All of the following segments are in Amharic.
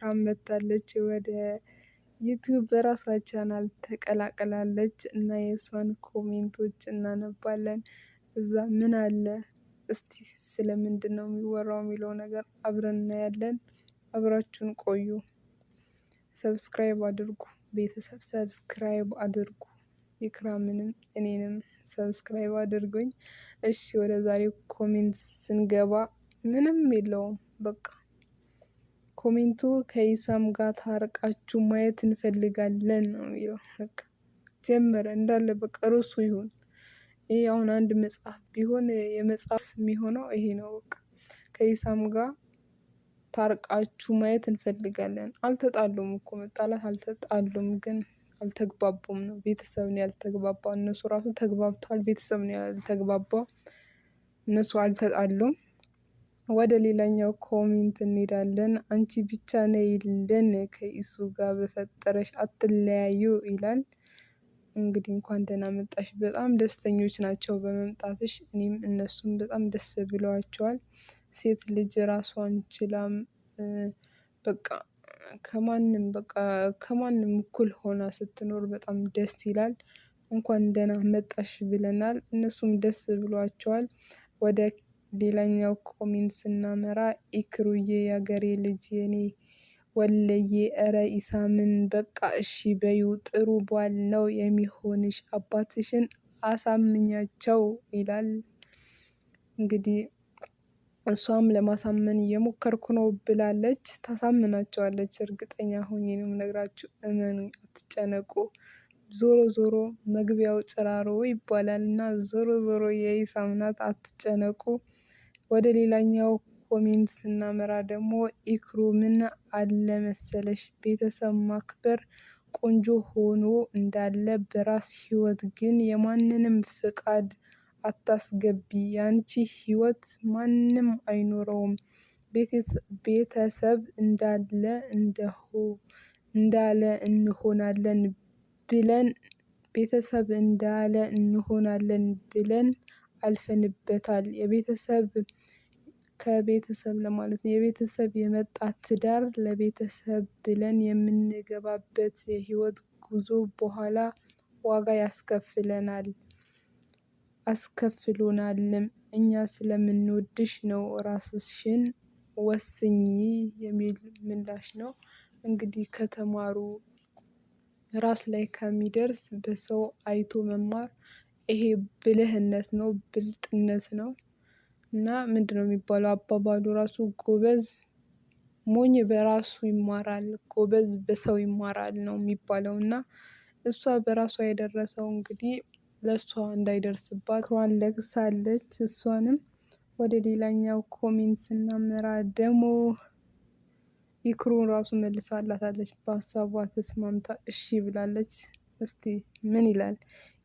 ኤፍራም መጥታለች። ወደ ዩቲዩብ በራሷ ቻናል ተቀላቅላለች እና የእሷን ኮሜንቶች እናነባለን። እዛ ምን አለ እስቲ ስለምንድን ነው የሚወራው የሚለው ነገር አብረን እናያለን። አብራችሁን ቆዩ። ሰብስክራይብ አድርጉ ቤተሰብ ሰብስክራይብ አድርጉ። ኢክራምንም እኔንም ሰብስክራይብ አድርጉኝ። እሺ ወደ ዛሬው ኮሜንት ስንገባ ምንም የለውም በቃ ኮሜንቱ ከኢሳም ጋር ታርቃችሁ ማየት እንፈልጋለን ነው የሚለው። በቃ ጀመረ እንዳለ በቃ ርዕሱ ይሁን ይህ አሁን አንድ መጽሐፍ ቢሆን የመጽሐፍ የሚሆነው ይሄ ነው። በቃ ከኢሳም ጋር ታርቃችሁ ማየት እንፈልጋለን። አልተጣሉም እኮ መጣላት አልተጣሉም፣ ግን አልተግባቡም ነው። ቤተሰብ ነው ያልተግባባ። እነሱ ራሱ ተግባብተዋል፣ ቤተሰብ ነው ያልተግባባ። እነሱ አልተጣሉም። ወደ ሌላኛው ኮሜንት እንሄዳለን። አንቺ ብቻ ነይልን ከእሱ ጋር በፈጠረሽ አትለያዩ ይላል። እንግዲህ እንኳን ደህና መጣሽ። በጣም ደስተኞች ናቸው በመምጣትሽ። እኔም እነሱም በጣም ደስ ብለዋቸዋል። ሴት ልጅ ራሷን ችላም በቃ ከማንም በቃ ከማንም እኩል ሆና ስትኖር በጣም ደስ ይላል። እንኳን ደህና መጣሽ ብለናል። እነሱም ደስ ብሏቸዋል። ወደ ሌላኛው ኮሜንት ስናመራ ኢክሩዬ የአገሬ ልጅ የኔ ወለዬ እረ ኢሳምን በቃ እሺ በዩ ጥሩ ቧል ነው የሚሆንሽ አባትሽን አሳምኛቸው ይላል። እንግዲህ እሷም ለማሳመን እየሞከርኩ ነው ብላለች። ታሳምናቸዋለች እርግጠኛ ሆኜ ነው የምነግራችሁ። እመኑኝ፣ አትጨነቁ። ዞሮ ዞሮ መግቢያው ጭራሮ ይባላል እና ዞሮ ዞሮ የኢሳምናት አትጨነቁ። ወደ ሌላኛው ኮሜንት ስናመራ ደግሞ አለ አለመሰለሽ ቤተሰብ ማክበር ቆንጆ ሆኖ እንዳለ በራስ ህይወት ግን የማንንም ፍቃድ አታስገቢ። ያንቺ ህይወት ማንም አይኖረውም። ቤተሰብ እንዳለ እንዳለ እንሆናለን ብለን ቤተሰብ እንዳለ እንሆናለን ብለን አልፈንበታል። የቤተሰብ ከቤተሰብ ለማለት ነው። የቤተሰብ የመጣ ትዳር ለቤተሰብ ብለን የምንገባበት የህይወት ጉዞ በኋላ ዋጋ ያስከፍለናል አስከፍሎናልም እኛ ስለምንወድሽ ነው ራስሽን ወስኚ የሚል ምላሽ ነው። እንግዲህ ከተማሩ ራስ ላይ ከሚደርስ በሰው አይቶ መማር ይሄ ብልህነት ነው ብልጥነት ነው እና ምንድነው የሚባለው አባባሉ ራሱ ጎበዝ ሞኝ በራሱ ይማራል ጎበዝ በሰው ይማራል ነው የሚባለው። እና እሷ በራሷ የደረሰው እንግዲህ ለእሷ እንዳይደርስባት ክሯን ለግሳለች። እሷንም ወደ ሌላኛው ኮሜንት ስናመራ ደግሞ ይክሩን ራሱ መልሳላታለች በሀሳቧ ተስማምታ እሺ ብላለች እስቲ ምን ይላል?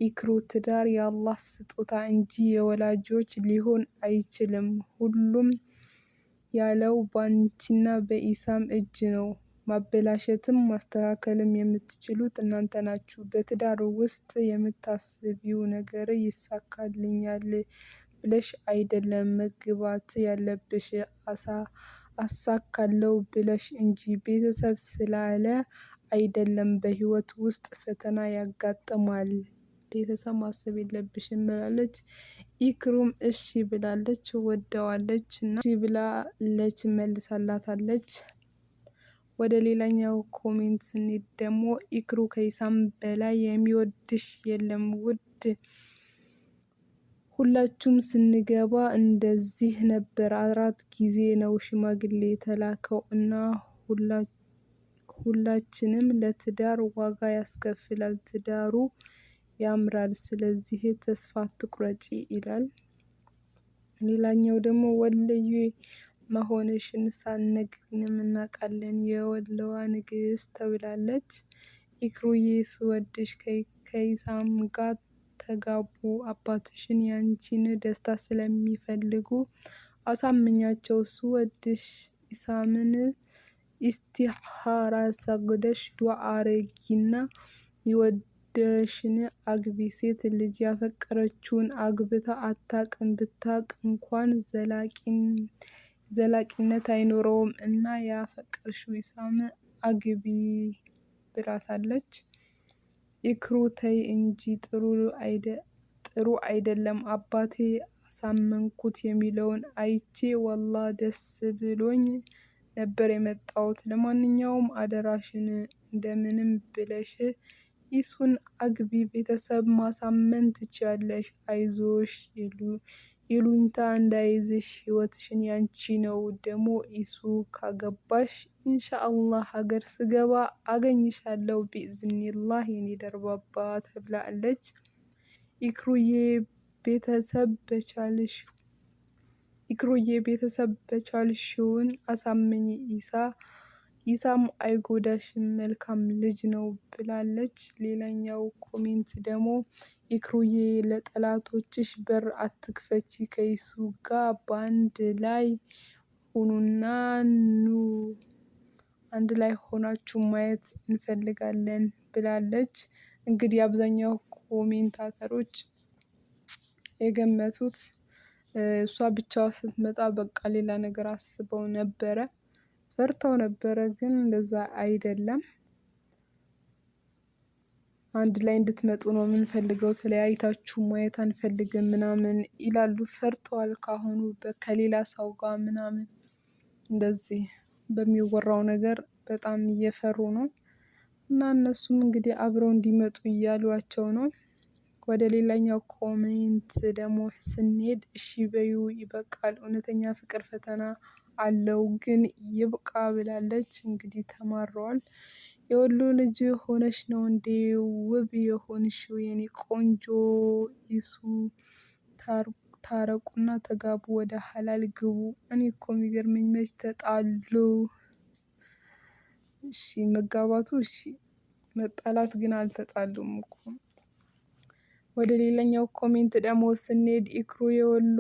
ኢክሩ ትዳር የአላህ ስጦታ እንጂ የወላጆች ሊሆን አይችልም። ሁሉም ያለው ባንቺና በኢሳም እጅ ነው። ማበላሸትም ማስተካከልም የምትችሉት እናንተ ናችሁ። በትዳር ውስጥ የምታስቢው ነገር ይሳካልኛል ብለሽ አይደለም መግባት ያለብሽ አሳካለው ብለሽ እንጂ ቤተሰብ ስላለ አይደለም በህይወት ውስጥ ፈተና ያጋጥማል። ቤተሰብ ማሰብ የለብሽም ብላለች። ኢክሩም እሺ ብላለች ወደዋለች እና እሺ ብላለች መልሳላታለች። ወደ ሌላኛው ኮሜንት ስንሄድ ደግሞ ኢክሩ ከይሳም በላይ የሚወድሽ የለም ውድ ሁላችሁም ስንገባ እንደዚህ ነበር። አራት ጊዜ ነው ሽማግሌ የተላከው እና ሁላችሁ ሁላችንም ለትዳር ዋጋ ያስከፍላል ትዳሩ ያምራል ስለዚህ ተስፋ ትቁረጪ ይላል። ሌላኛው ደግሞ ወሎዬ መሆንሽን ሳትነግሪንም እናቃለን የወለዋ ንግስት ተብላለች። ኢክሩዬ ስወድሽ ከይሳም ጋር ተጋቡ አባትሽን ያንቺን ደስታ ስለሚፈልጉ አሳምኛቸው ስወድሽ ኢሳምን ಇಸ್ತಿಹಾರಸಗ್ದಷ್ಟು ಆರೋಗ್ಯನ ይወደሽን አግቢ ሴት ልጅ ያፈቀረችውን አግብታ አታውቅም ብታውቅ እንኳን ዘላቂነት አይኖረውም እና ያፈቀርሽው ኢሳም አግቢ ብላታለች። ይክሩ ተይ እንጂ ጥሩ አይደለም አባቴ አሳመንኩት የሚለውን አይቼ ወላ ደስ ብሎኝ ነበር የመጣሁት። ለማንኛውም አደራሽን እንደምንም ብለሽ ኢሱን አግቢ ቤተሰብ ማሳመን ትችያለሽ። አይዞሽ ይሉኝታ እንዳይዝሽ ህይወትሽን ያንቺ ነው። ደግሞ ኢሱ ካገባሽ ኢንሻአላህ ሀገር ስገባ አገኝሻለሁ ቢእዝኒላህ የኔ ደርባባ ተብላለች። ኢክሩዬ ቤተሰብ በቻልሽ ኢክሩዬ ቤተሰብ በቻልሽውን አሳምኝ ኢሳ ኢሳም አይጎዳሽም መልካም ልጅ ነው ብላለች። ሌላኛው ኮሜንት ደግሞ ኢክሩዬ ለጠላቶችሽ በር አትክፈቺ፣ ከይሱ ጋር በአንድ ላይ ሁኑና ኑ አንድ ላይ ሆናችሁ ማየት እንፈልጋለን ብላለች። እንግዲህ አብዛኛው ኮሜንታተሮች የገመቱት እሷ ብቻዋ ስትመጣ በቃ ሌላ ነገር አስበው ነበረ ፈርተው ነበረ፣ ግን እንደዛ አይደለም። አንድ ላይ እንድትመጡ ነው የምንፈልገው፣ ተለያይታችሁ ማየት አንፈልግም ምናምን ይላሉ። ፈርተዋል ካሁኑ ከሌላ ሰው ጋር ምናምን እንደዚህ በሚወራው ነገር በጣም እየፈሩ ነው። እና እነሱም እንግዲህ አብረው እንዲመጡ እያሏቸው ነው። ወደ ሌላኛው ኮሜንት ደግሞ ስንሄድ እሺ በዩ ይበቃል እውነተኛ ፍቅር ፈተና አለው ግን ይብቃ ብላለች እንግዲህ ተማረዋል። የወሎ ልጅ ሆነሽ ነው እንዴ ውብ የሆንሽው የኔ ቆንጆ ይሱ ታረቁና ተጋቡ ወደ ሀላል ግቡ። እኔ እኮ የሚገርመኝ መች ተጣሉ? እሺ መጋባቱ እሺ መጣላት ግን አልተጣሉም እኮ ወደ ሌላኛው ኮሜንት ደግሞ ስንሄድ ኢክሩ የወሎ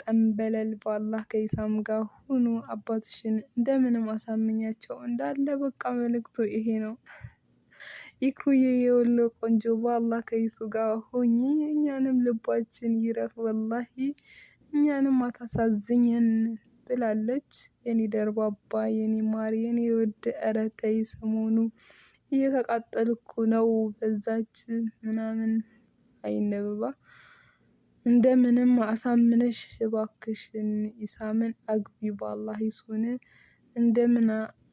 ጠንበለል በአላህ ከይሳም ጋር ሁኑ አባትሽን እንደምንም አሳምኛቸው እንዳለ በቃ መልእክቱ ይሄ ነው። ኢክሩዬ የወሎ ቆንጆ በአላህ ከይሱ ጋር ሆኝ እኛንም ልባችን ይረፍ፣ ወላሂ እኛንም አታሳዝኘን ብላለች። የኔ ደርባባ፣ የኔ ማር፣ የኔ ወድ እረተይ ሰሞኑ እየተቃጠልኩ ነው በዛች ምናምን አይነብባ እንደምንም አሳምነሽ እባክሽን ኢሳምን አግቢ በአላህ ይሱን እንደምና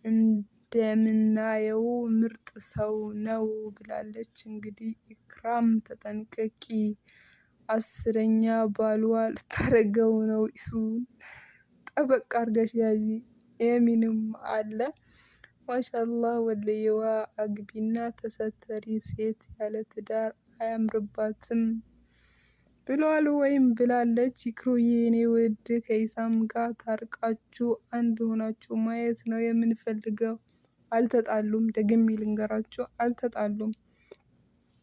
እንደምናየው ምርጥ ሰው ነው ብላለች። እንግዲህ ኢክራም ተጠንቀቂ፣ አስረኛ ባሏ ልታረገው ነው። ኢሱን ጠበቅ አርገሽ ያዢ። የሚንም አለ ማሻአላህ ወለየዋ አግቢና ተሰተሪ ሴት ያለ ትዳር አያምርባትም ብሏል ወይም ብላለች። ይክሩዬ እኔ ውድ ከይሳም ጋር ታርቃችሁ አንድ ሆናችሁ ማየት ነው የምንፈልገው። አልተጣሉም። ደግሜ ልንገራችሁ አልተጣሉም።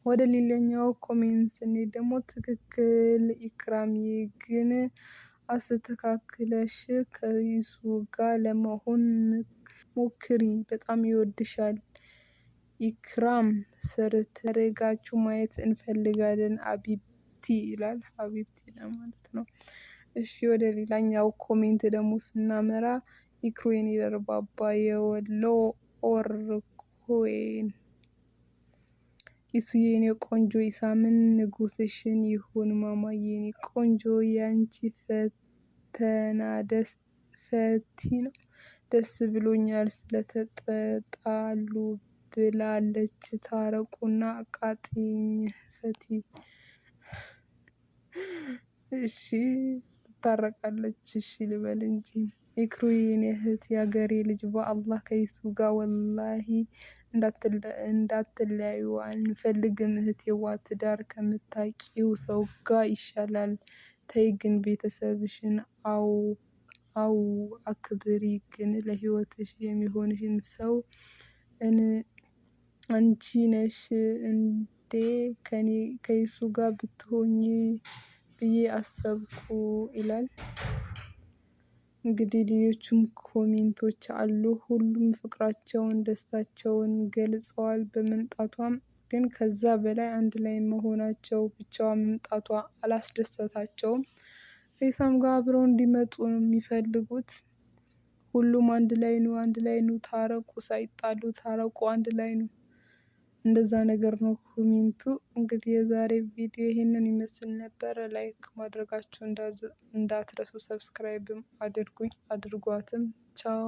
ወደ ሌላኛው ኮሜንት ስኔ ደግሞ ትክክል ኢክራምዬ፣ ግን አስተካክለሽ ከይሱ ጋር ለመሆን ሞክሪ። በጣም ይወድሻል። ኢክራም ሰርተረጋችሁ ማየት እንፈልጋለን አቢብቲ ይላል አቢብቲ ለማለት ነው። እሺ ወደ ሌላኛው ኮሜንት ደግሞ ስናመራ ዩክሬን ይደርባባ ደርባባ የወሎ ኦርኮን ኢሱዬ የኔ ቆንጆ ኢሳምን ንጉስሽን ይሁን ማማየኔ የኔ ቆንጆ ያንቺ ፈተና ደስ ፈቲ ነው። ደስ ብሎኛል ስለተጠጣሉ! ብላለች። ታረቁና አቃጥኝ ፈቲ እሺ ትታረቃለች። እሺ ልበል እንጂ ኢክሩይን እህት የሀገሬ ልጅ በአላህ ከይሱ ጋር ወላሂ እንዳትለያዩ አንፈልግም። እህት የዋ ትዳር ከምታቂው ሰው ጋር ይሻላል። ተይ ግን ቤተሰብሽን አው አው አክብሪ ግን ለህይወትሽ የሚሆንሽን ሰው እን አንቺ ነሽ እንዴ ከእኔ ጋር ብትሆኝ ብዬ አሰብኩ ይላል። እንግዲህ ሌሎቹም ኮሜንቶች አሉ ሁሉም ፍቅራቸውን ደስታቸውን ገልጸዋል በመምጣቷም ግን ከዛ በላይ አንድ ላይ መሆናቸው ብቻዋ መምጣቷ አላስደሰታቸውም። ከኢሳም ጋር አብረው እንዲመጡ ነው የሚፈልጉት። ሁሉም አንድ ላይ ኑ አንድ ላይ ኑ ታረቁ ሳይጣሉ ታረቁ አንድ ላይ ነው። እንደዛ ነገር ነው ኮሜንቱ። እንግዲህ የዛሬ ቪዲዮ ይሄንን ይመስል ነበረ። ላይክ ማድረጋችሁ እንዳትረሱ፣ ሰብስክራይብም አድርጉኝ አድርጓትም። ቻው